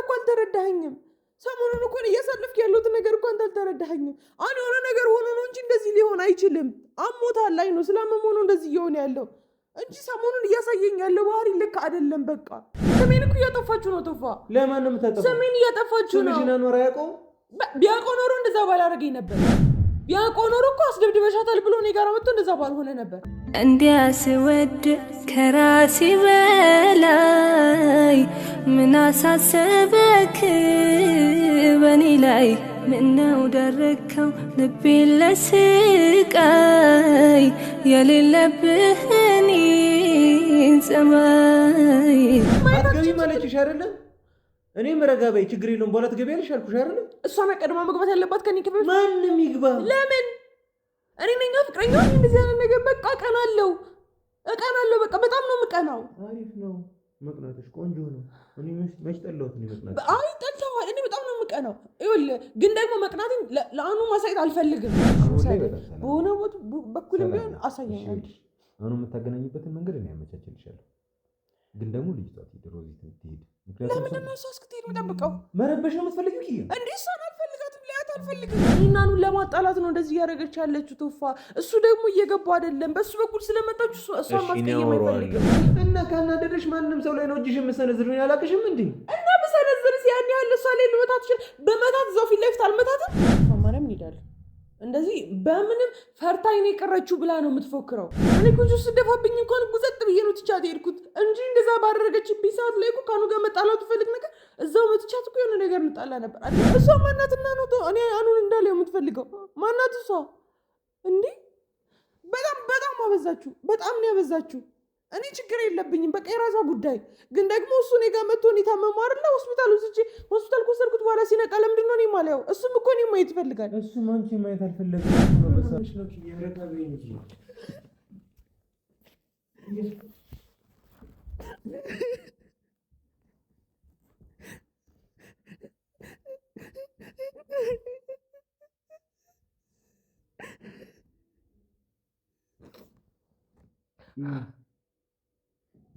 እኮ አልተረዳኸኝም። ሰሞኑን እኮ እያሳለፍክ ያለሁት ነገር እኮ አንተ አልተረዳኸኝም። አሁን የሆነ ነገር ሆኖ ነው እንጂ እንደዚህ ሊሆን አይችልም። አሞታል ላይ ነው ስላመመሆኑ እንደዚህ እየሆነ ያለው እንጂ ሰሞኑን እያሳየኝ ያለው ባህሪ ልክ አይደለም። በቃ ስሜን እኮ እያጠፋችሁ ነው። ቶፋ ለማንም ስሜን እያጠፋችሁ ነው። ኖራ ያውቀው ቢያውቀው ኖሮ እንደዛ ባላደረገኝ ነበር። የቆኖር እኮ አስደብድበሻታል ብሎ እኔ ጋር መጥቶ እንደዛ ባልሆነ ነበር። እንዲያስ ወድ ከራሴ በላይ ምን አሳሰበክ በእኔ ላይ ምነው ደረከው ልቤ ለስቃይ የሌለብህን ጸባይ እኔም ረጋ በይ ችግር የለውም ገቢ ትገቢያለሽ አልኩሽ አይደል እሷ ቀድማ መግባት ያለባት ከኔ ክፍል ማንም ይግባ ለምን እኔ ነኛ ፍቅረኛ እንደዚህ አይነት ነገር በቃ እቀናለሁ እቀናለሁ በቃ በጣም ነው የምቀናው አሪፍ ነው መቅናትሽ ቆንጆ ነው እኔ መች ጠላሁት እኔ መቅናት አይ ጠልተኸዋል እኔ በጣም ነው የምቀናው ይኸውልህ ግን ደግሞ መቅናትን ለአኑ ማሳየት አልፈልግም በሆነ በኩልም ቢሆን አሳየኛል አኑ የምታገናኝበትን መንገድ እኔ አመቻችልሻለሁ ግን ደግሞ ልጅቷ ትሄድ ሮዚት ትሄድ። ምክንያቱም ለምንድነው እሷ እስክትሄድ የምጠብቀው? መረበሽ ነው የምትፈልጊው? ይ እንዲ እሷን አልፈልጋትም፣ ሊያት አልፈልግም። እኔና ለማጣላት ነው እንደዚህ እያደረገች ያለችው ትፋ። እሱ ደግሞ እየገባ አይደለም። በእሱ በኩል ስለመጣች እሷ ማስቀየም አይፈልግም። እና ካናደደሽ ማንም ሰው ላይ ነው እጅሽ የምሰነዝር። ያላቅሽም እንዲ እና ብሰነዝርስ ያን ያህል እሷ ላይ ልመታት ይችል በመታት እዛው ፊት ለፊት አልመታትም። ማርያም እንሄዳለን እንደዚህ በምንም ፈርታ ይኔ የቀረችው ብላ ነው የምትፎክረው። እኔ ኩንሱ ስደፋብኝ እንኳን ጉዘጥ ብዬ ነው ትቻት ሄድኩት እንጂ እንደዛ ባደረገችብኝ ሰዓት ላይ እኮ ከአኑ ጋር መጣላው ትፈልግ ነገር እዛው መትቻት እኮ የሆነ ነገር እንጣላ ነበር። እሷ ማናትና ነው እኔ አኑን እንዳለ የምትፈልገው ማናት እሷ? እንዲህ በጣም በጣም አበዛችሁ፣ በጣም ነው ያበዛችሁ። እኔ ችግር የለብኝም፣ በቃ የራሷ ጉዳይ። ግን ደግሞ እሱ እኔ ጋር መጥቶ እኔ ታመሙ አይደለ ሆስፒታል ውስጄ ሆስፒታል ኮሰድኩት በኋላ ሲነቃ ለምንድን ነው እኔ ማለያው? እሱም እኮ እኔ ማየት ይፈልጋል። እሱም አንቺ ማየት አልፈለግም።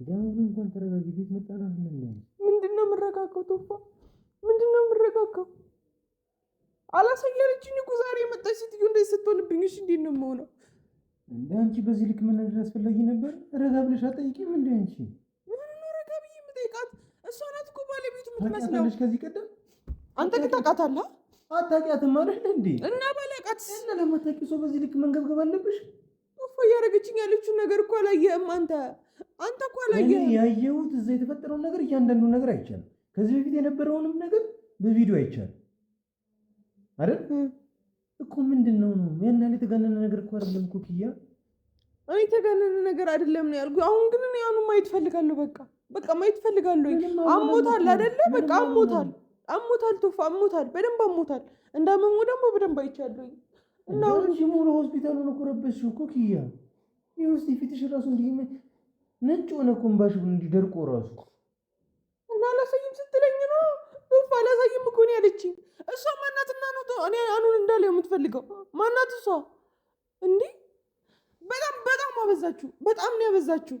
አሁን እንኳን ተረጋጊ። ቤት መጣና ምንድን ነው የምረጋጋው? ቶፋ ምንድን ነው የምረጋጋው? አላሳያለችኝ እኮ ዛሬ የመጣች ሴትዮ እንደዚህ ስትሆንብኝ፣ እሺ እንዴት ነው የምሆነው? እንደ አንቺ በዚህ ልክ መናደድ አስፈላጊ ነበር? ረጋ ብለሽ አጠይቂም። እንደ አንቺ ምንም ረጋ ብዬ የምጠይቃት? እሷ ናት እኮ ባለቤቱ የምትመስለው። ከዚህ ቀደም አንተ ግን ታውቃታለህ። አታውቂያትም ማለት እንዴ? እና ባላውቃት እና ለማታውቂው ሰው በዚህ ልክ መንገብገብ አለብሽ? እያደረገችኝ ያለችውን ነገር እኮ አላየህም አንተ አንተ እኮ አላየህም። ያየሁት እዛ የተፈጠረውን ነገር እያንዳንዱ ነገር አይቻልም። ከዚህ በፊት የነበረውንም ነገር በቪዲዮ አይቻልም አይደል እኮ ምንድን ነው ነው ያን ያህል የተጋነነ ነገር እኮ አይደለም እኮ ክያ፣ እኔ የተጋነነ ነገር አይደለም ነው ያልኩ። አሁን ግን እኔ አሁን ማየት ፈልጋለሁ። በቃ በቃ ማየት ፈልጋለሁ። አሞታል አይደለ? በቃ አሞታል፣ አሞታል፣ ቶፋ አሞታል፣ በደንብ አሞታል። እንዳመሙ ደግሞ በደንብ አይቻለሁ። እና እንጂ ሙሉ ሆስፒታሉን ነው ረበሽው እኮ ኪያ። ይህ ውስጥ ፊትሽ ራሱ እንዲህ ነጭ ሆነ ኮምባሽ እምባሽ እንዲደርቆ ራሱ እና አላሳይም ስትለኝ ነው ፍ አላሳይም እኮ ነው ያለችኝ። እሷ ማናትና ነው እኔ አኑን እንዳለ የምትፈልገው ማናት እሷ? እንዴ በጣም በጣም አበዛችሁ፣ በጣም ነው ያበዛችሁ።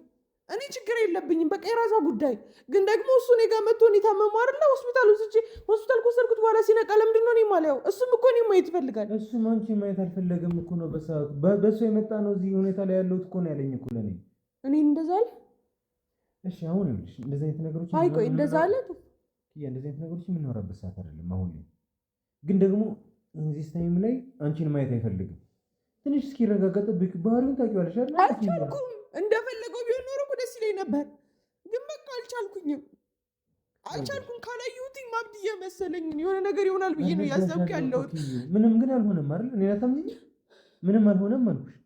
እኔ ችግር የለብኝም። በቃ የራሷ ጉዳይ። ግን ደግሞ እሱ እኔ ጋር መጥቶ እኔ ታመሙ አይደለ ሆስፒታል ውስጄ ሆስፒታል ከወሰድኩት በኋላ ሲነቃ ለምንድን ነው እኔ ማልያው? እሱም እኮ እኔ ማየት ይፈልጋል። እሱም አንቺ ማየት አልፈለገም እኮ ነው። በሰዓቱ በእሱ የመጣ ነው እዚህ ሁኔታ ላይ ያለሁት እኮ ነው ያለኝ እኮ ለእኔ። እኔ እንደዛ አለ። እሺ አሁን ይኸውልሽ፣ እንደዚህ አይነት ነገሮች አይ ቆይ፣ እንደዛ አለ ያ እንደዚህ አይነት ነገሮች የምንኖረበት ሰዓት አይደለም አሁን። ግን ደግሞ እዚህ ታይም ላይ አንቺን ማየት አይፈልግም። ትንሽ እስኪረጋገጥ ባህሪውን ታውቂዋለሽ አይደል? አልቻልኩም እንደፈለገው ቢሆን ኖሮ ደስ ይለኝ ነበር፣ ግን በቃ አልቻልኩኝም። አልቻልኩም። ካላየሁትኝ ማብድ እየመሰለኝ የሆነ ነገር ይሆናል ብዬ ነው ያሰብኩ ያለሁት። ምንም ግን አልሆነም አይደል? እኔ ላታምኝ ምንም አልሆነም አልኩሽ።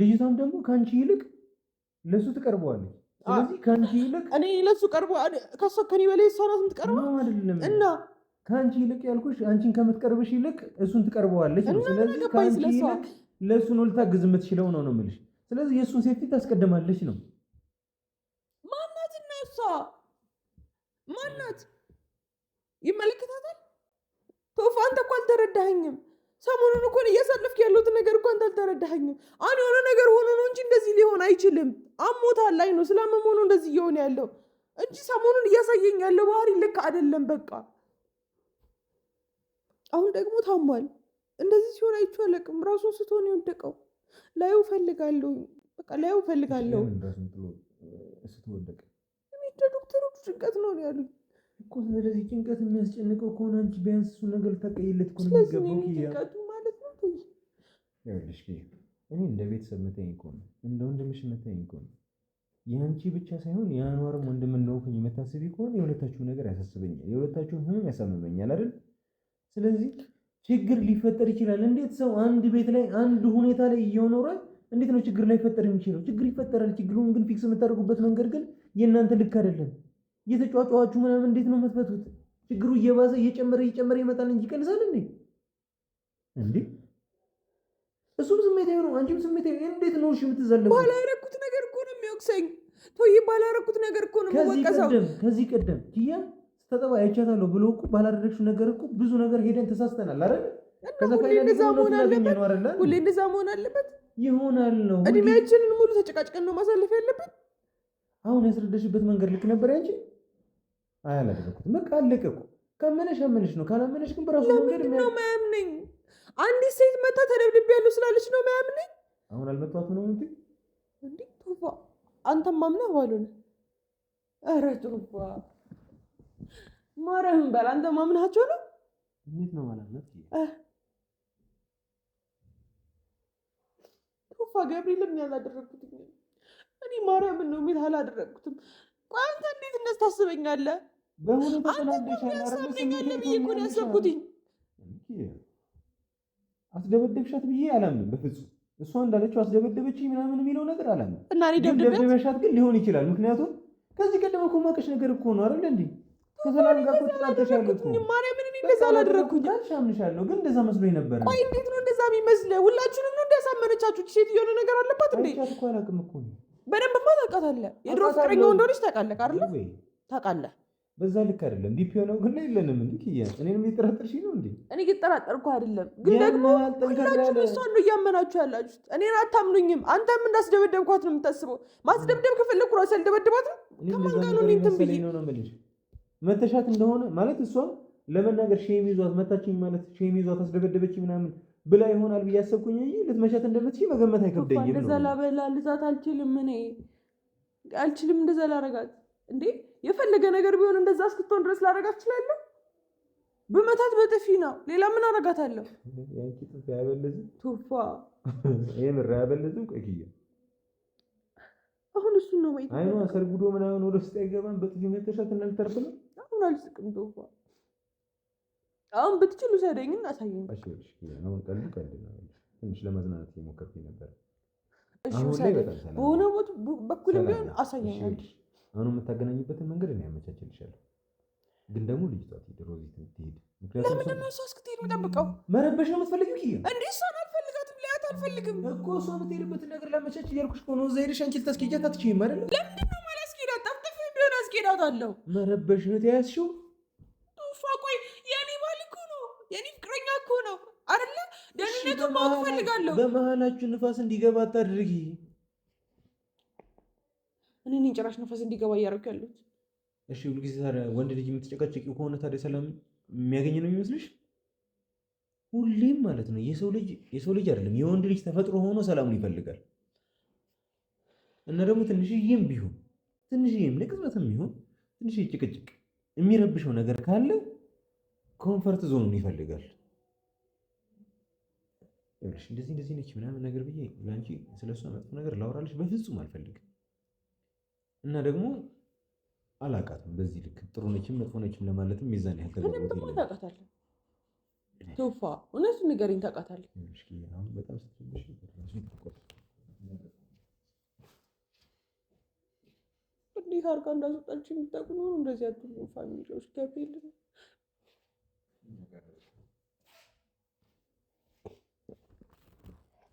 ልጅቷም ደግሞ ከአንቺ ይልቅ ለሱ ትቀርበዋለች። ስለዚህ ከአንቺ ይልቅ እኔ ለሱ ቀርበ ከሷ ከኔ በላይ እሷ ናት የምትቀርበው እና ከአንቺ ይልቅ ያልኩሽ አንቺን ከምትቀርብሽ ይልቅ እሱን ትቀርበዋለች። ስለዚህ ከአንቺ ይልቅ ለእሱ ነው ልታግዝ የምትችለው ነው ነው የምልሽ ስለዚህ የእሱን ፊት ታስቀድማለች ነው። ማናት እና እሷ ማናት ይመለከታታል። ቶፋ አንተ እኮ አልተረዳኸኝም። ሰሞኑን እኮን እያሳለፍክ ያለሁት ነገር እኮ አንተ አልተረዳኸኝም። አን የሆነ ነገር ሆኖ ነው እንጂ እንደዚህ ሊሆን አይችልም። አሞታል ላይ ነው ስላመመሆኑ እንደዚህ እየሆነ ያለው እንጂ ሰሞኑን እያሳየኝ ያለው ባህሪ ልክ አይደለም። በቃ አሁን ደግሞ ታሟል። እንደዚህ ሲሆን አይቼው አላውቅም። ራሱን ስትሆን የወደቀው ላየው ፈልጋለሁ፣ በቃ ላየው እፈልጋለሁ። ዶክተሮቹ ጭንቀት ነው ያሉኝ እኮ። ስለዚህ ጭንቀት የሚያስጨንቀው ከሆነ አንቺ ቢያንስ እሱ ነገር ልታቀይለት እኮ ነው የሚገባው። ማለት ነው። እኔ እንደ ቤተሰብ መታኝ እኮ ነው፣ እንደ ወንድምሽ መታኝ እኮ ነው። የአንቺ ብቻ ሳይሆን የአኗርም ወንድም እንደሆንኩኝ የምታስቢ ከሆነ የሁለታችሁ ነገር ያሳስበኛል፣ የሁለታችሁን ህመም ያሳምመኛል አይደል? ስለዚህ ችግር ሊፈጠር ይችላል። እንዴት ሰው አንድ ቤት ላይ አንድ ሁኔታ ላይ እየኖረ እንዴት ነው ችግር ላይፈጠር የሚችለው? ችግር ይፈጠራል። ችግሩን ግን ፊክስ የምታደርጉበት መንገድ ግን የእናንተ ልክ አይደለም። እየተጫዋጫዋችሁ ምናምን እንዴት ነው መትፈቱት? ችግሩ እየባሰ እየጨመረ እየጨመረ ይመጣል እንጂ ይቀንሳል እንዴ? እንዴ እሱም ስሜታዊ ነው፣ አንቺም ስሜታዊ። እንዴት ነው እሺ ባላረኩት ነገር እኮ ነው የሚወቅሰኝ። ባላረኩት ነገር እኮ ነው ከዚህ ቀደም ኪያ ስትጠባ አይቻታለሁ ብሎ እኮ ባላደረግሽው ነገር እኮ ብዙ ነገር ሄደን ተሳስተናል አይደል? ሁሌ እንደዛ መሆን አለበት ይሆናል ነው። እድሜያችንን ሙሉ ተጨቃጭቀን ነው ማሳለፍ ያለበት። አሁን ያስረዳሽበት መንገድ ልክ ነበር ያንቺ። አይ አላደረኩትም፣ በቃ አለቀ እኮ። ከመነሽ አመነሽ ነው፣ ካላመነሽ ግን በራሱ መንገድ ነው። ማያምነኝ አንዲት ሴት መታ ተደብድብ ያለው ስላለች ነው ማያምነኝ። አሁን አልመጣሁት ነው እንዴ? እንዴ አንተም ማምነህ ባሉን ኧረ ጥሩባ ማረህም በል አንተ ማምናቸው ነው። እንዴት ነው ማላምነት? ቶፋ ገብርኤልን ያላደረግኩት እኔ ማርያምን ነው የሚል አላደረግኩትም። ቆይ አንተ እንዴት እንደዚህ ታስበኛለህ? አንተሳብኛለ ብዬ ነው ያሰብኩትኝ። አስደበደብሻት ብዬ አላምንም በፍጹም። እሷ እንዳለችው አስደበደበች ምናምን የሚለው ነገር አላምንም። እና ደብደበሻት ግን ሊሆን ይችላል። ምክንያቱም ከዚህ ቀደም እኮ ማቀሽ ነገር እኮ ነው አይደል እንዴ ከሰላም ጋር ቁጥር አልተሻለኩ ማርያምን፣ እኔ እንደዛ አላደረኩኝ። አልሻምንሻለሁ ግን እንደዛ መስሎኝ ነበር። ቆይ እንዴት ነው እንደዛ የሚመስለው? ሁላችሁንም ነው እንዳሳመነቻችሁ። ሴት የሆነ ነገር አለባት እንዴ? እኮ አላውቅም እኮ በደንብ ማ ታውቃታለህ። የድሮ ፍቅረኛው እንደሆነች ታውቃለህ አይደለ? ታውቃለህ። በዛ ልክ አይደለም። ዲፒ ነው ግን የለንም እንዴ? ይያዝ እኔንም የጠራጠርሽኝ ነው እንዴ? እኔ እየጠራጠርኩ አይደለም፣ ግን ደግሞ ሁላችሁም እሷን ነው እያመናችሁ ያላችሁት። እኔን አታምኑኝም። አንተም እንዳስደበደብኳት ነው የምታስበው። ማስደብደብ ከፈለኩ ራሴ አልደበድባትም። ከማን ጋር ነው እኔ እንትን ብዬ መተሻት እንደሆነ ማለት እሷ ለመናገር ሼም ይዟት መታችኝ ማለት ሼም ይዟት አስደበደበች ምናምን ብላ ይሆናል ብዬ አሰብኩኝ እንጂ ልትመቻት እንደምትችል መገመት አይከብደኝም። እንደዛ ላልዛት አልችልም፣ እኔ አልችልም። እንደዛ ላረጋት እንዴ የፈለገ ነገር ቢሆን እንደዛ እስክትሆን ድረስ ላረጋት እችላለሁ። በመታት በጥፊ ነው። ሌላ ምን አረጋታለሁ? ያንቺ ጥፊ አያበለዝም። ቱፋ የምር አያበለዝም። ቆይ ኪያ አሁን እሱን ነው ወይ አይኗ ሰርጉዶ ምናምን ወደ ውስጥ አይገባም። በጥፊ መተሻት እናልተርፍ ነው አሁን አልስቅም። ዶባ አሁን ብትችሉ ሰደኝና አሳየኝ። ትንሽ ለመዝናናት የሞከርኩኝ ነበር። በሆነ በኩል ቢሆን አሳየኛል። አሁኑ የምታገናኝበትን መንገድ እኔ ያመቻችልሻለሁ። ግን ደግሞ ልጅቷ ድሮ ቤት ትሄድ። ለምንድን ነው እሷ እስክትሄድ የምጠብቀው? መረበሽ ነው የምትፈልግ? እንደ እሷን አልፈልጋትም፣ ላያት አልፈልግም እኮ እሷ የምትሄድበትን ነገር ለመቻች እያልኩሽ ከሆነ እዛ ሄደሽ አንቺ ልታስኬጃት አትችይም አይደለም? ለምንድን አለው። መረበሽ ነው ተያዝሽው? ፋ ቆይ የኔ ባል እኮ ነው የኔ ፍቅረኛ እኮ ነው አይደለ? ደህንነቱ ማወቅ ፈልጋለሁ። በመሀላችሁ ንፋስ እንዲገባ አታድርጊ። እኔ ነኝ ጭራሽ ንፋስ እንዲገባ እያደረኩ ያለሁት። እሺ ሁልጊዜ ታዲያ ወንድ ልጅ የምትጨቀጭቂው ከሆነ ታዲያ ሰላም የሚያገኝ ነው የሚመስልሽ? ሁሌም ማለት ነው። የሰው ልጅ የሰው ልጅ አይደለም የወንድ ልጅ ተፈጥሮ ሆኖ ሰላሙን ይፈልጋል። እና ደግሞ ትንሽዬም ቢሆን ትንሽዬም ለቅጽበትም ቢሆን ትንሽ ጭቅጭቅ የሚረብሸው ነገር ካለ ኮንፈርት ዞኑን ይፈልጋል። እንደዚህ እንደዚህ ነች ምናምን ነገር ብዬ ለአንቺ ስለሷ መጥፎ ነገር ላወራልሽ በፍጹም አልፈልግም። እና ደግሞ አላቃትም በዚህ ልክ ጥሩ ነችም መጥፎ ነችም ለማለትም ሚዛን ያህል ታውቃታለህ። ቶፋ እውነቱን ንገረኝ። ታውቃታለህ እንዲህ አርጋ እንዳስወጣችሁ የሚጠቅሙ ነው። እንደዚህ አትሉ ፋሚሊዎች ገብል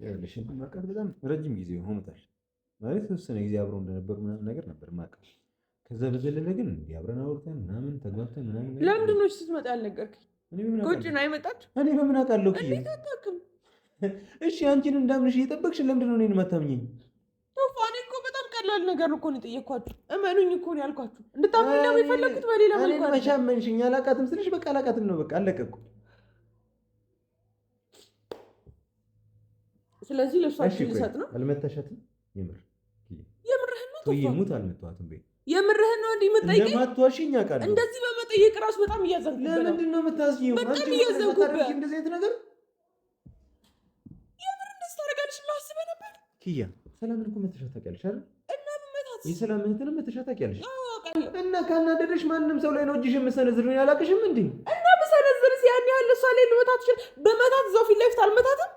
ያለሽን ማቃት በጣም ረጅም ጊዜ ሆኖታል ማለት የተወሰነ ጊዜ አብረው እንደነበሩ ምናምን ነገር ነበር ማቀፍ። ከዛ በዘለለ ግን እንዲህ አብረን አውርተን ምናምን ተግባብተን ምናምን። ለምንድን ነው ስትመጣ ያልነገርከኝ? ቁጭ ነው አይመጣች። እኔ በምን አውቃለሁ? እሺ አንቺን እንዳምንሽ እየጠበቅሽ ለምንድን ነው እኔን የማታምኘኝ? ቀላል ነገር እኮ ነው የጠየኳችሁ። እመኑኝ እኮ ነው ያልኳችሁ። እንድታምን ነው የፈለግኩት በሌላ መልኩ መሻመንሽኝ። አላቃትም ስልሽ በቃ አላቃትም ነው በቃ አለቀ እኮ። ስለዚህ ለእሷ ልሰጥ ነው። አልመታሻትም? የምር የምርህን ነው ሙት። አልመታኋትም ቤት የምርህን ነው እንዲህ የምጠይቀኝ? ለማትዋሽኝ አውቃለሁ። እንደዚህ በመጠየቅ ራሱ በጣም እያዘንኩበት ነው። ለምንድን ነው የምታዝኝው? በጣም እያዘንኩበት እንደዚህ አይነት ነገር የምር እንደዚህ ታደርጋለች ብለህ አስበህ ነበር? ኪያ ሰላምን እኮ መተሻት ታውቂያለሽ አይደል? የሰላም እህትን መተሻት ታውቂያለሽ። እና ካናደደሽ ማንም ሰው ላይ ነው እጅሽ የምሰነዝር። ነው ያላቅሽም እንዴ? እና ብሰነዝርስ ያን ያህል እሷ ላይ ልመታት ይችላል። በመታት እዛው ፊት ለፊት አልመታትም።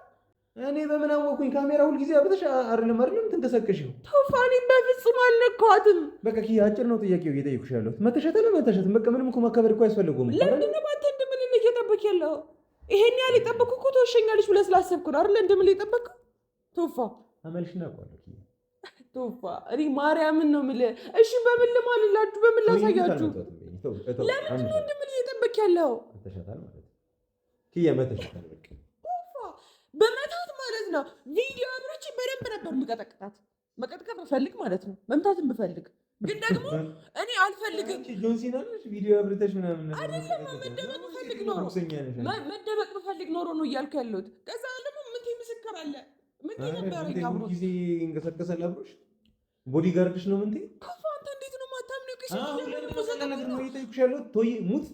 እኔ በምን አወኩኝ? ካሜራ ሁልጊዜ አብተሽ አይደለም አይደለም ትንቀሳቀሽ ነው ቶፋኒ። በፍጹም አልነካትም። በቃ ኪ አጭር ነው ጥያቄው እየጠየኩሽ ያለሁት መተሸተ ነው መተሸት። በቃ ምንም እኮ ማከበር እኮ አያስፈልገውም። ለምንድን ነው አንተ እንደምን ነው እየጠበቅ ያለው? ይሄን ያህል የጠበቅኩ እኮ ተወሸኛለች ብለህ ስላሰብኩ ነው አይደል? እንደምን ሊጠበቅ ቶፋ አመልሽና ቋለኪ ቶፋ እኔ ማርያምን ነው የምልህ። እሺ በምን ልማልላችሁ? በምን ላሳያችሁ? ለምን ነው እንደምን እየጠበቅ ያለው በመታት ማለት ነው። ቪዲዮ አብሮች በደንብ ነበር የምቀጠቅጣት። መቀጥቀጥ ብፈልግ ማለት ነው መምታትን ብፈልግ ግን ደግሞ እኔ አልፈልግም። አይደለም መደበቅ ብፈልግ ኖሮ ነው እያልኩ ያለሁት። ከዛ ደግሞ ምንቴ ምስክር አለ ምንቴ ነበር ጊዜ እንቀሰቀሰ ለብሮች ቦዲ ጋርድሽ ነው ምንቴ ሙት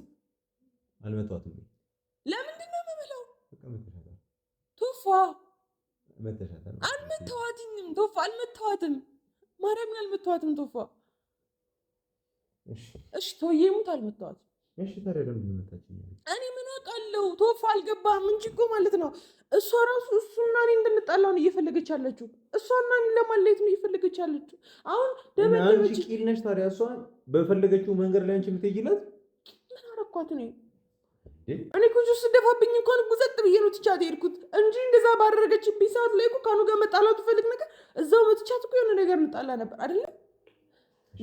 አልመቷትም። ለምንድን ነው የምበላው? ቶፋ አልመታዋትኝም። ቶፋ አልመታዋትም። ማርያምን አልመታዋትም። ቶፋ እሺ፣ ተወዬ ሙት አልመታዋትም። እኔ ምን አውቃለሁ? ቶፋ አልገባህም እንጂ እኮ ማለት ነው እሷ ራሱ እሱና እኔ እንድንጣላውን እየፈለገች አለችው። እሷና እኔ ለማለየት ነው እየፈለገች አለችው። አሁን ደበደበች። ቂል ነሽ ታዲያ። እሷ በፈለገችው መንገድ ላይ አንቺ የምትሄጂላት ምን አረኳት እኔ? እኔ እኮ ስደፋብኝ እንኳን ጉዘጥ ብዬ ነው ትቻት ሄድኩት እንጂ እንደዛ ባደረገችብኝ ሰዓት ላይ እኮ ከአኑ ጋር መጣላት ትፈልግ ነገር እዛው መትቻት እኮ የሆነ ነገር እንጣላ ነበር አይደለም።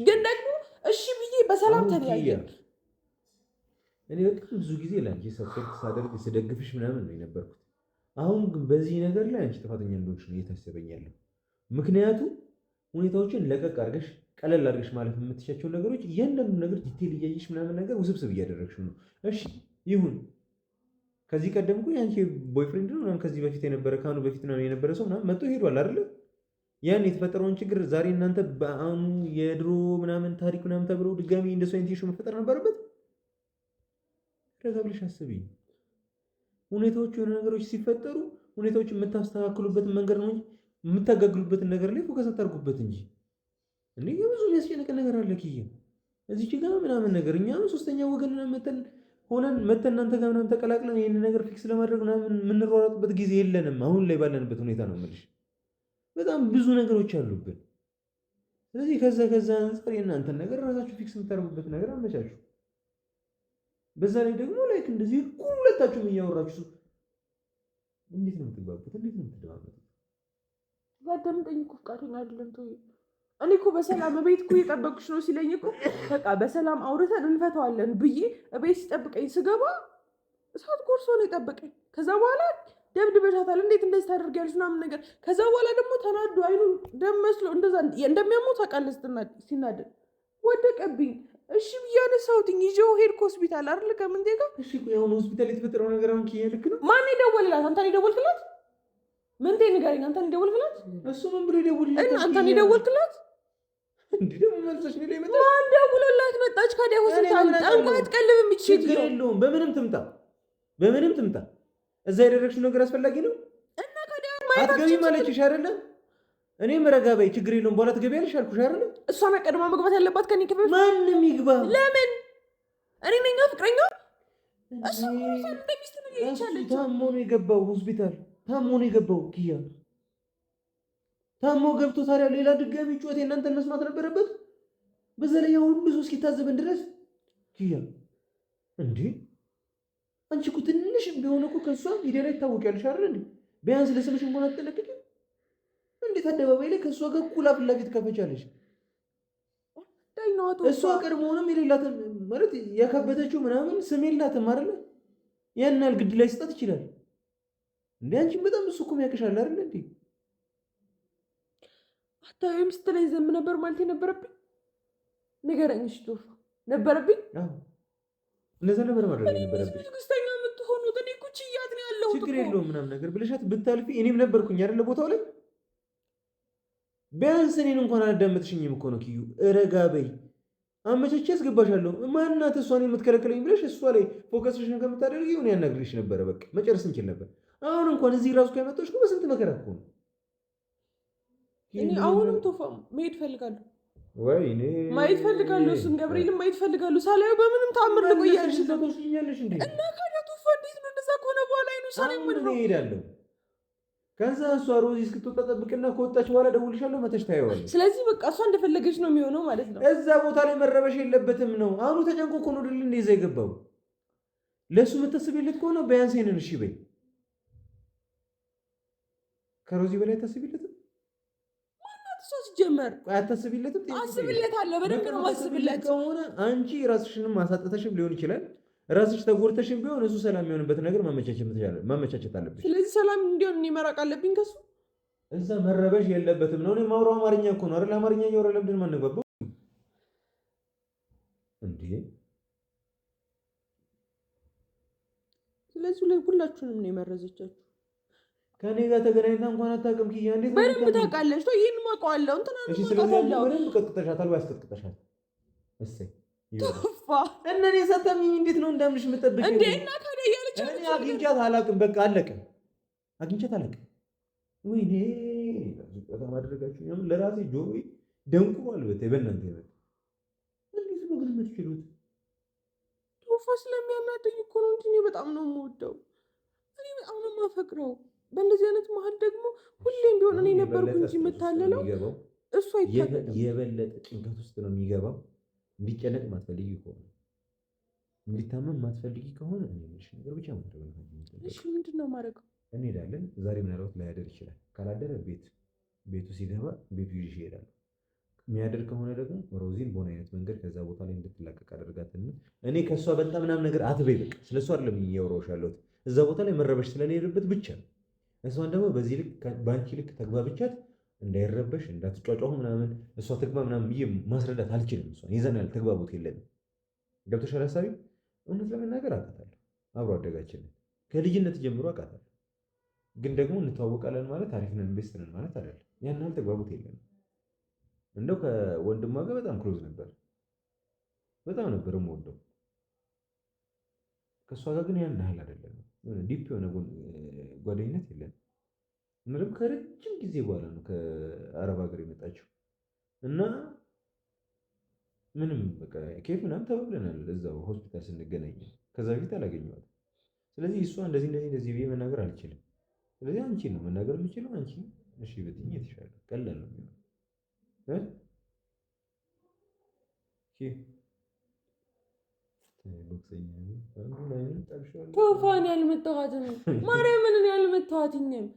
ግን ደግሞ እሺ ብዬ በሰላም ተለያየን። እኔ በጣም ብዙ ጊዜ ላንቺ ሰፖርት ሳደርግ ስደግፍሽ ምናምን ነው የነበርኩት አሁን ግን በዚህ ነገር ላይ አንቺ ጥፋተኛ እንደሆንሽ ነው እየታሰበኝ ያለው። ምክንያቱም ሁኔታዎችን ለቀቅ አድርገሽ ቀለል አድርገሽ ማለፍ የምትሻቸውን ነገሮች እያንዳንዱ ነገር ዲቴል እያየሽ ምናምን ነገር ውስብስብ እያደረግሽው ነው። እሺ ይሁን። ከዚህ ቀደም እኮ የአንቺ ቦይፍሬንድ ነው ምናምን ከዚህ በፊት የነበረ ከአሁኑ በፊት ነው የነበረ ሰው ምናምን መጥቶ ሄዷል አይደለ? ያን የተፈጠረውን ችግር ዛሬ እናንተ በአሁኑ የድሮ ምናምን ታሪክ ምናምን ተብሎ ድጋሚ እንደሱ አይነት መፈጠር ነበረበት? ረጋ ብለሽ አስቢ። ሁኔታዎች የሆነ ነገሮች ሲፈጠሩ ሁኔታዎች የምታስተካክሉበትን መንገድ ነው እንጂ የምታጋግሉበትን ነገር ላይ ፎከስ አታርጉበት እንጂ እንዴ ብዙ የሚያስጨንቅ ነገር አለ ኪዬ እዚህ ጋር ምናምን ነገር እኛ ሶስተኛ ወገን መተን ሆነን መተን እናንተ ጋር ምናምን ተቀላቅለን ይህን ነገር ፊክስ ለማድረግ ምናምን የምንሯሯጥበት ጊዜ የለንም። አሁን ላይ ባለንበት ሁኔታ ነው የምልሽ። በጣም ብዙ ነገሮች አሉብን። ስለዚህ ከዛ ከዛ አንጻር የእናንተን ነገር ራሳችሁ ፊክስ የምታደርጉበት ነገር አመቻችሁ። በዛ ላይ ደግሞ ላይክ እንደዚህ ሁለታችሁም እያወራችሁ እንዴት ነው የምትግባቡት? እንዴት ነው የምትደማመጡት? ሊያዳምጠኝ እኮ ፍቃደኛ አይደለም። ተወው። እኔ እኮ በሰላም እቤት እኮ እየጠበቅሽ ነው ሲለኝ እኮ በቃ በሰላም አውርተን እንፈታዋለን ብዬ እቤት ሲጠብቀኝ ስገባ እሳት ጎርሶ ነው የጠበቀኝ። ከዛ በኋላ ደብድበሻታል፣ እንዴት እንደዚህ ታደርጊያለሽ ምናምን ነገር። ከዛ በኋላ ደግሞ ተናዱ አይኑ ደም መስሎ እንደዛ እንደሚያሞት አውቃለሁ። ሲናደድ ወደቀብኝ። እሺ ብያነሳሁትኝ ይዤው ሄድክ ሆስፒታል አይደል? ከምንቴ ጋር እሺ። አሁን ሆስፒታል የተፈጠረው ነገር አሁን ኪያ ልክ ነው። ማን ይደወልላት? አንተ ይደወልክላት? ምንቴ ንገረኝ። አንተ ይደወልክላት? እሱ ምን ብሎ የደወልላት? እና አንተ ይደወልክላት? እንዴ ደግሞ መልሰሽ ነው ይመጣ። ማን ደውሎላት መጣች? ካዲያ ሆስፒታል ጠንቋ አትቀልብም። እቺ ችግር የለውም። በምንም ትምጣ፣ በምንም ትምጣ። እዛ ያደረግሽው ነገር አስፈላጊ ነው እና ካዲያ ማየት አትገቢ ማለችሽ አይደለም እኔም ረጋ በይ ችግር የለውም። በኋላ ትገቢያለሽ አልኩሽ አይደል? እሷ ና ቀድማ መግባት ያለባት ከኔ ክፍል። ማንም ይግባ። ለምን እኔ ነኛ ፍቅረኛ ታሞ ነው የገባው ሆስፒታል፣ ታሞ ነው የገባው ክያ፣ ታሞ ገብቶ ታዲያ ሌላ ድጋሚ ጩኸት የእናንተን መስማት ነበረበት? በዛ ላይ ሁሉ ሰው እስኪታዘብን ድረስ ክያ፣ እንዴ አንቺ እኮ ትንሽ ቢሆን እኮ ከእሷ ሂደ ላይ ታወቂያለሽ አይደል? ቢያንስ ለስምሽ እንኳን አትጠነቅቂም ቤት አደባባይ ላይ ከእሷ ጋር እኩል ፊት ለፊት ከፈቻለች። እሷ ቀድሞውንም የሌላትን ማለት ያካበተችው ምናምን ስም የላትም አይደለ? ያን ያህል ግድ ላይ ስጣት ይችላል እንዴ? አንቺም በጣም እሱ እኮ ያቅሻል አይደለ? እንዴ አታዩም ስትለኝ ዘም ነበር ማለት የነበረብኝ ንገረኝ። እሺ ቶፋ ነበረብኝ። እንደዛ ነበር ማድረግ ነበረብኝ። ትዕግስተኛ የምትሆኑት እኔ እኮ ችያት ነው ያለሁት። ችግር የለውም ምናምን ነገር ብለሻት ብታልፊ እኔም ነበርኩኝ አይደለ ቦታው ላይ ቢያንስ እኔን እንኳን አዳመጥሽኝም እኮ ነው ኪዩ። ረጋ በይ። አመቻቼ አስገባሻለሁ። ማናት እሷን የምትከለክለኝ ብለሽ እሷ ላይ ፎከስሽን ከምታደርጊ ሆን ያናግርሽ ነበረ። በቃ መጨረስ እንችል ነበር። አሁን እንኳን እዚህ ራሱ ካይመጣሽ በስንት መከራ እኮ ነው። አሁንም ቶፋ መሄድ ፈልጋለሁ፣ ወይ ማየት ፈልጋለሁ፣ እሱን ገብርኤልም ማየት ፈልጋለሁ። ሳላዩ በምንም ተአምር ልቆያልሽ እና ካዳ ቶፋ ነው እንደዛ ከሆነ በኋላ ይኑ ሳላይ ምድ ነው ከዛ እሷ ሮዚ እስክትወጣ ጠብቅና ከወጣች በኋላ ደውልሻለሁ፣ መተሽ ታየዋለሽ። ስለዚህ በቃ እሷ እንደፈለገች ነው የሚሆነው ማለት ነው። እዛ ቦታ ላይ መረበሽ የለበትም ነው። አሁኑ ተጨንቆ እኮ ነው ድል እንደዛ የገባው። ለእሱ የምታስቢለት ከሆነ ቢያንስ ይሄንን እሺ በይ። ከሮዚ በላይ አታስቢለትም። እሷ ሲጀመር አታስቢለትም። አስብለታለሁ፣ በደንብ ነው ማስብለት ከሆነ አንቺ ራስሽንም ማሳጠተሽም ሊሆን ይችላል ራስሽ ተጎድተሽም ቢሆን እሱ ሰላም የሚሆንበት ነገር ማመቻቸት አለብሽ። ስለዚህ ሰላም እንዲሆን እኔ መራቅ አለብኝ ከሱ እዛ መረበሽ የለበትም ነው። እኔ ማውራው አማርኛ እኮ ነው አይደል? አማርኛ እያወራ ለምንድን ነው እንዴ? ስለዚህ ላይ ሁላችሁንም ነው የመረዘቻችሁ። ከኔ ጋር ተገናኝታ እንኳን አታውቅም። ኪያ እንዴት በደንብ ታውቃለች። ይህን ማውቀዋለሁ እንትና ነው በደንብ ቀጥቅጠሻታል ወይ አስቀጥቅጠሻል? እሰይ እነ እኔ ሰተምኝ እንዴት ነው እንዳምንሽ የምጠብቅሽ? እንደ እና ታዲያ እያለች እኔ አግኝቻት አላውቅም። በቃ አለቀ፣ አግኝቻት አላውቅም። ወይኔ በጣም አደረጋችሁ። ምን ለራሴ ጆሮዬ ደንቁሯል። በተይ በእናንተ ይበል። እንዴት ነው ግን የምትችሉት? ቶፋ ስለሚያናደኝ እኮ ነው እንጂ እኔ በጣም ነው የምወደው፣ እኔ በጣም ነው የማፈቅረው። በእንደዚህ አይነት መሀል ደግሞ ሁሌም ቢሆን እኔ ነበርኩ እንጂ የምታለለው እሱ አይታለልም። የበለጠ ጭንቀት ውስጥ ነው የሚገባው እንዲጨነቅ ማትፈልጊ ከሆነ እንዲታመም ማትፈልጊ ከሆነ እኔ የምልሽ ነገር ብቻ ማድረግ ነው። እሺ ምንድን ነው ማድረገው? እንሄዳለን። ዛሬ ምናልባት ላያደር ይችላል። ካላደረ ቤት ቤቱ ሲገባ ቤቱ ይዤሽ እሄዳለሁ። የሚያደር ከሆነ ደግሞ ሮዚን በሆነ አይነት መንገድ ከዛ ቦታ ላይ እንድትላቀቅ አደርጋትና እኔ ከእሷ በጣም ምናምን ነገር አትበይ። በቃ ስለ እሷ አይደለም እያወራሁሽ ያለሁት እዛ ቦታ ላይ መረበሽ ስለሌለበት ብቻ ነው። እሷን ደግሞ በዚህ ልክ በአንቺ ልክ ተግባብቻት እንዳይረበሽ እንዳትጫጫሁ ምናምን እሷ ትግባ ምናምን ብዬ ማስረዳት አልችልም። እሷ ይዘናል፣ ተግባቦት የለንም። ገብቶሻል ሀሳቢ? እውነት ለመናገር አውቃታለሁ፣ አብሮ አደጋችንን ከልጅነት ጀምሮ አውቃታለሁ። ግን ደግሞ እንተዋወቃለን ማለት አሪፍ ነን ቤስት ነን ማለት አይደለም። ያን ያህል ተግባቦት የለንም። እንደው ከወንድሟ ጋር በጣም ክሎዝ ነበር፣ በጣም ነበር የምወደው። ከእሷ ጋር ግን ያን ያህል አይደለም። ዲፕ የሆነ ጓደኝነት የለንም። ምንም ከረጅም ጊዜ በኋላ ነው ከአረብ ሀገር የመጣችው እና ምንም በቃ ኬፍ ምናምን ተባብለናል እዛው ሆስፒታል ስንገናኝ። ከዛ በፊት አላገኘዋል ስለዚህ እሷ እንደዚህ እንደዚህ እንደዚህ ብዬ መናገር አልችልም። ስለዚህ አንቺ ነው መናገር የምችለው አንቺ እሺ ብትይኝ የተሻለ ቀላል ነው የሚሆነው። ተው ፋኒ ማርያምን ያልመታኋትኝም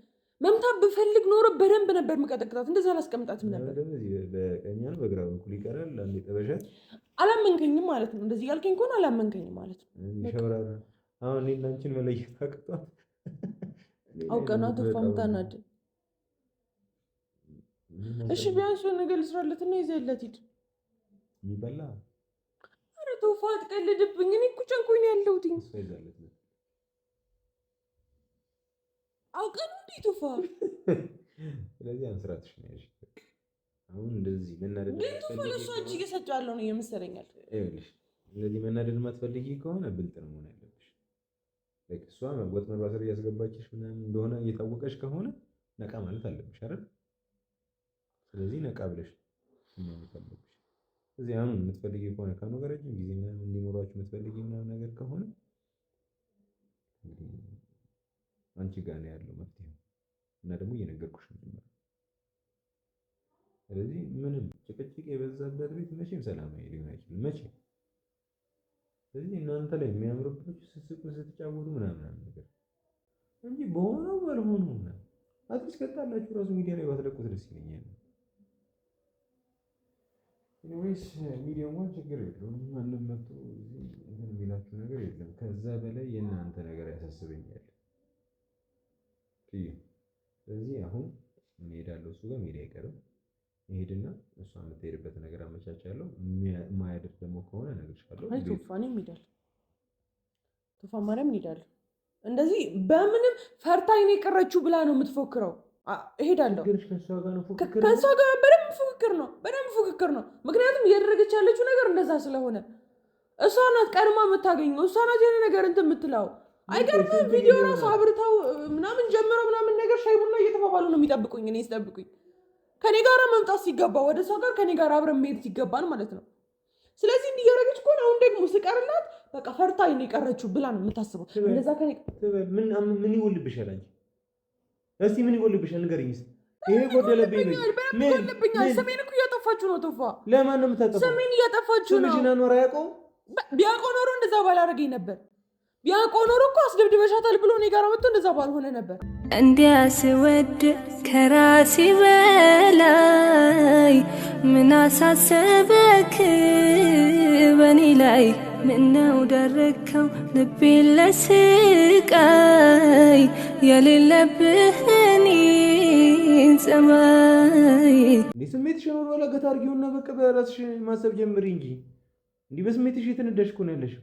መምታት ብፈልግ ኖሮ በደንብ ነበር የምቀጠቅጣት። እንደዛ አላስቀምጣትም ነበር። አላመንከኝም ማለት ነው። እንደዚህ ያልከኝ ከሆነ አላመንከኝም ማለት ነው። አሁን እኔና አንቺን መለየት አቅቷት አውቀና ተፋ ምታናድ። እሺ ቢያንስ ነገር ልስራለትና ይዘህላት ሂድ። የሚበላ ኧረ ተፋ አትቀልድብኝ። እኔ እኮ ጨንቆኝ ያለሁትኝ አውቀኑ እንዴት ፋ ስለዚህ አንስራትሽ ነው ያልሽ። አሁን እንደዚህ መናደድ ግን ቱፋ ለእሷ እጅ እየሰጡ ያለው ነው የመሰለኛል። ይኸውልሽ እንደዚህ መናደድ ማትፈልጊ ከሆነ ብልጥ ነው መሆን ያለብሽ። እሷ መግባት መባሰር ስር እያስገባችሽ ምናምን እንደሆነ እየታወቀሽ ከሆነ ነቃ ማለት አለብሽ አይደል? ስለዚህ ነቃ ብለሽ ማለት አለብሽ። እዚህ አሁን የምትፈልጊ ከሆነ ከኑ ጋር ረጅም ጊዜ ምናምን እንዲኖራችሁ የምትፈልጊ ምናምን ነገር ከሆነ አንቺ ጋር ነው ያለው መፍትሄ እና ደግሞ እየነገርኩሽ ነው ጀመረ። ስለዚህ ምንም ጭቅጭቅ የበዛበት ቤት መቼም ሰላማዊ ሊሆን አይችልም መቼም። ስለዚህ እናንተ ላይ የሚያምርባችሁ ስስቁ፣ ስትጫወቱ ምናምን ነገር እንጂ በሆነው ባልሆነው ምናምን አትሊስት ከጣላችሁ እራሱ ሚዲያ ላይ ባትለቁት ደስ ይለኛል። ኢኒዌይስ ሚዲያ እንኳን ችግር የለውም ማንም መጥቶ እንትን የሚላችሁ ነገር የለም። ከዛ በላይ የእናንተ ነገር ያሳስበኛል። እዩ ስለዚህ አሁን እሄዳለሁ እሱ ጋር መሄድ አይቀርም። እሄድና እሷ የምትሄድበት ነገር አመቻቻለሁ። የማያደርግ ደግሞ ከሆነ እነግርሻለሁ። አይ ቶፋ እኔም እሄዳለሁ። ቶፋ ማርያም እሄዳለሁ። እንደዚህ በምንም ፈርታኝ ነው የቀረችው ብላ ነው የምትፎክረው። እሄዳለሁ ከእሷ ጋር በደንብ ፉክክር ነው፣ በደንብ ፉክክር ነው። ምክንያቱም እያደረገች ያለችው ነገር እንደዛ ስለሆነ እሷ ናት ቀድማ የምታገኘው፣ እሷ ናት የሆነ ነገር እንትን የምትለው አይገርም ቪዲዮ ራሱ አብርተው ምናምን ጀምረው ምናምን ነገር ሻይ ቡና እየተባባሉ ነው የሚጠብቁኝ። እኔ ሲጠብቁኝ ከኔ ጋር መምጣት ሲገባ ወደ ሰው ጋር ከኔ ጋር አብረን መሄድ ሲገባን ማለት ነው። ስለዚህ እንዲያደረገች ከሆነ አሁን ደግሞ ስቀርላት በቃ ፈርታ ነው የቀረችው ብላ ነው የምታስበው። እንደዛ ምን ይወልብሻል? አንቺ እስቲ ምን ይወልብሻል ንገሪኝ። ይሄ ጎደለብኛል። ልብኛል። ስሜን እኮ እያጠፋችሁ ነው። ቶፋ ለማን ነው የምታጠፋው? ስሜን እያጠፋችሁ ነው። ኖራ ያውቀው ቢያውቀው ኖሮ እንደዛ ባላደረገኝ ነበር። ቢያቆኖር እኮ አስደብድበሻታል ብሎ እኔ ጋር መጥቶ እንደዛ ባልሆነ ነበር። እንዲያስ ወድ ከራሴ በላይ ምን አሳሰበክ በኔ ላይ ምነው ደረከው ልቤን ለስቃይ የሌለብህን ጸባይ ስሜት ኖሮ ለገት አድርጊውና በቃ በራስሽ ማሰብ ጀምሪ እንጂ እንዲህ በስሜትሽ የተነደሽ እኮ ነው ያለሽው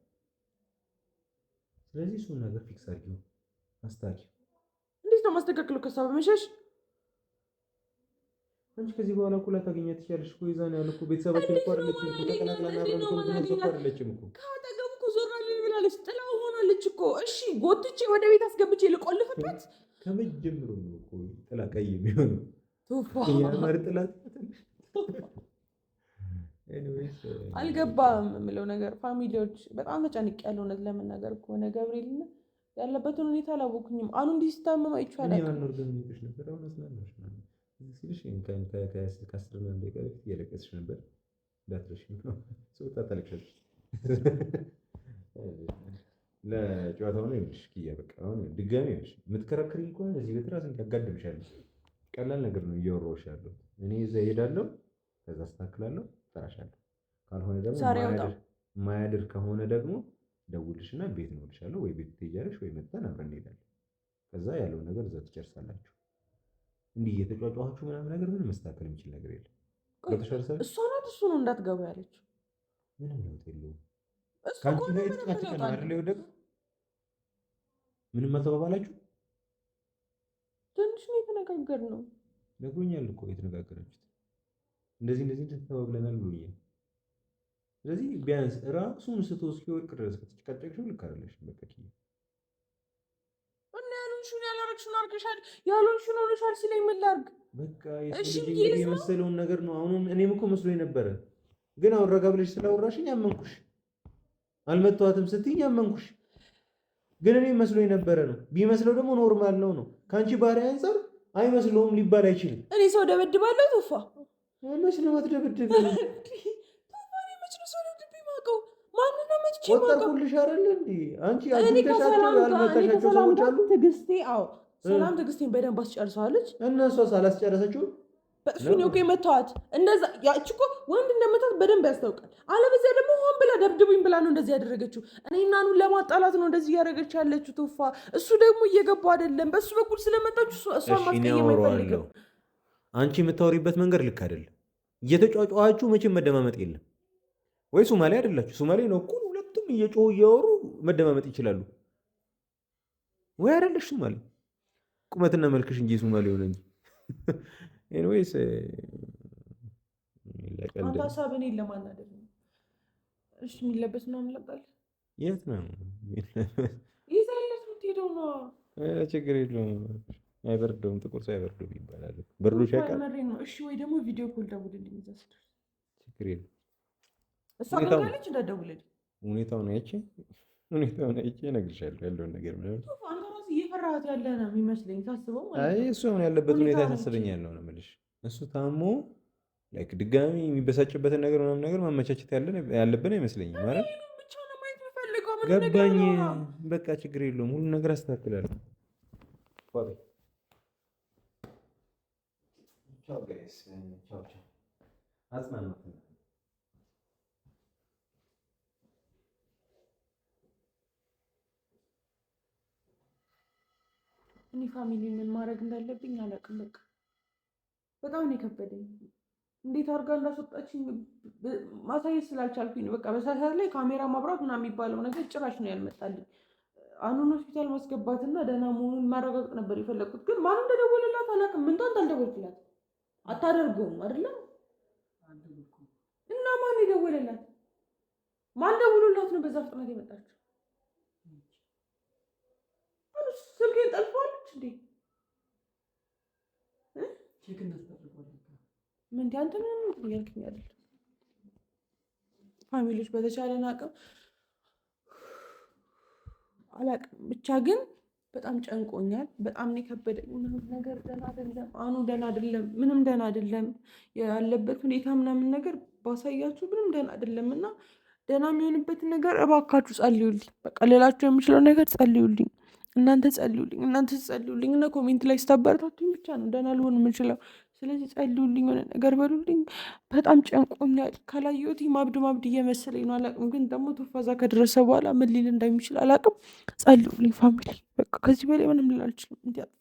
ስለዚህ እሱን ነገር ፊክስ አድርጊው፣ አስታኪው። እንዴት ነው ማስተካከለው? ከሷ በመሸሽ አንቺ ከዚህ በኋላ እኮ ላታገኛት ትችያለሽ እኮ የዛን ያህል እኮ ቤተሰባችን እኮ አይደለችም እኮ ተቀላቅላና አብረን እኮ ብዙ እኮ አይደለችም እኮ ከአጠገቡ እኮ ዞር አለኝ ብላለች፣ ጥላው ሆናለች እኮ። እሺ ጎትቼ ወደ ቤት አስገብቼ ልቆልፍበት ከመጀመሩ ነው እኮ ጥላ ቀይ የሚሆነው። ያማር ጥላት Uh, አልገባም የምለው ነገር ፋሚሊዎች በጣም ተጨንቅ ያለው እውነት ለመናገር ከሆነ ገብርኤል ያለበትን ሁኔታ አላወኩኝም። አሁን እንዲህ ሲታመመ አይቼዋለሁ። ነበር ይኸውልሽ፣ ኪያ በቃ አሁን ድጋሚ ይኸውልሽ የምትከራከሪኝ ከሆነ እዚህ ቤት ቀላል ነገር ነው እያወራሁሽ ያለሁት እኔ እዛ እሄዳለሁ፣ ከዛ አስተካክላለሁ እጠራሻለሁ። ካልሆነ ደግሞ ማያድር ከሆነ ደግሞ ደውልሽና ቤት እኖርሻለሁ ወይ ቤት ትሄጃለሽ ወይ መጥተን አብረን እንሄዳለን። ከዛ ያለውን ነገር እዛ ትጨርሳላችሁ። እንዲህ እየተጫጫኋችሁ ምናምን ነገር ምን መስተካከል የሚችል ነገር የለም። እሷ ናት እሱ ነው እንዳትገባ ያለችው። ምንም ለውጥ የለውም። ከአንቺ ላይ አይደለ ምንም አልተባባላችሁ። ትንሽ ነው ነው ነግሮኛል እኮ የተነጋገራችሁት እንደዚህ እንደዚህ ተባብለናል ነው ስለዚህ ቢያንስ ራሱን ስቶ እስኪወድቅ ድረስ ከተጨቃጨቅሽው ልክ አይደለሽም። በቃ ኪያ እና ያልሆንሽውን ያላረግሽውን አድርገሻል፣ ያልሆንሽውን ሆነሻል ሲለኝ ምን ላድርግ? በቃ የመሰለውን ነገር ነው። አሁንም እኔም እኮ መስሎኝ ነበረ፣ ግን አሁን ረጋ ብለሽ ስላወራሽኝ አመንኩሽ። አልመተዋትም ስትይኝ አመንኩሽ፣ ግን እኔ መስሎኝ ነበረ ነው። ቢመስለው ደግሞ ኖርማል ነው ነው። ከአንቺ ባህሪ አንጻር አይመስለውም ሊባል አይችልም። እኔ ሰው ደበድባለሁ ቱፋ መች ነው መች ነው ሰው ደብድብ ማንን ነው መች አንቺ ሰዎች አሉ። አዎ፣ ሰላም በደንብ አስጨርሰዋለች። እነሷስ አላስጨረሰችው በእሱ እኮ እንደዛ እኮ ወንድ እንደመታት በደንብ ያስታውቃል። አለበዚያ ደግሞ ሆን ብላ ደብድቡኝ ብላ ነው እንደዚህ ያደረገችው። እኔ እና ለማጣላት ነው እንደዚህ እያደረገች ያለችው። ቶፋ እሱ ደግሞ እየገባው አይደለም። በእሱ በኩል ስለመጣችሁ እሷ ማስቀየም አይፈልግም። አንቺ የምታወሪበት መንገድ ልክ አይደለም። እየተጫጫዋቹ መቼም መደማመጥ የለም ወይ? ሶማሌ አይደላችሁ? ሶማሌ ነው እኮ ሁለቱም እየጮሁ እያወሩ መደማመጥ ይችላሉ ወይ? አይደለሽ ሶማሌ ቁመትና መልክሽ እንጂ ሶማሌ ሆነ እንጂ ኤኒዌይስ አንድ ሀሳብ እኔን ለማናደድ ነው። እሺ የሚለበስ ነው የት ነው ይዘለት ነው ችግር የለውም። አይበርደውም ጥቁር ሰው አይበርደውም ይባላል። በርዶ ሻቃል ነው። እሺ ወይ ደግሞ ቪዲዮ ኮል ደውልልኝ። ችግር የለም ያለውን ነገር እሱ አሁን ያለበት ሁኔታ ያሳስበኛል ነው ነው የምልሽ። እሱ ታሞ ድጋሚ የሚበሳጭበትን ነገር ምናምን ነገር ማመቻቸት ያለብን አይመስለኝም ማለት ገባኝ። በቃ ችግር የለውም ሁሉ ነገር አስተካክላለሁ። ቻው ጋይስ፣ ቻው ቻው። አጽናናት እኔ ፋሚሊ ምን ማድረግ እንዳለብኝ አላውቅም። በቃ በጣም ነው የከበደኝ። እንዴት አድርጋ እንዳስወጣችኝ ማሳየት ስላልቻልኩኝ በቃ በሳሳት ላይ ካሜራ ማብራት ምናምን የሚባለው ነገር ጭራሽ ነው ያልመጣልኝ። አኑን ሆስፒታል ማስገባትና ደህና መሆኑን ማረጋገጥ ነበር የፈለግኩት፣ ግን ማን እንደደወለላት አላውቅም። ምንቷን አልደወልኩላት አታደርገውም አይደለም እና ማን የደወለላት ማን ደውሎላት ነው በዛ ፍጥነት የመጣችው ስልክ ጠልፈዋለች እንዴ ምንዲ አንተ ምንም ያልክኝ አይደል ፋሚሊዎች በተቻለን አቅም አላቅም ብቻ ግን በጣም ጨንቆኛል። በጣም ነው የከበደኝ። ምንም ነገር ደህና አይደለም፣ አኑ ደህና አይደለም፣ ምንም ደህና አይደለም። ያለበት ሁኔታ ምናምን ነገር ባሳያችሁ ምንም ደህና አይደለም እና ደህና የሚሆንበትን ነገር እባካችሁ ጸልዩልኝ። በቃ ሌላችሁ የምችለው ነገር ጸልዩልኝ፣ እናንተ ጸልዩልኝ፣ እናንተ ጸልዩልኝ እና ኮሜንት ላይ ስታበረታቱኝ ብቻ ነው ደህና ልሆን የምችለው። ስለዚህ ጸልዩልኝ፣ የሆነ ነገር በሉልኝ። በጣም ጨንቆኛል። ካላየሁት ማብድ ማብድ እየመሰለኝ ነው። አላቅም ግን ደግሞ ትውፋዛ ከደረሰ በኋላ ምን ሊል እንደሚችል አላቅም። ጸልዩልኝ ፋሚሊ። በቃ ከዚህ በላይ ምንም ልል አልችልም።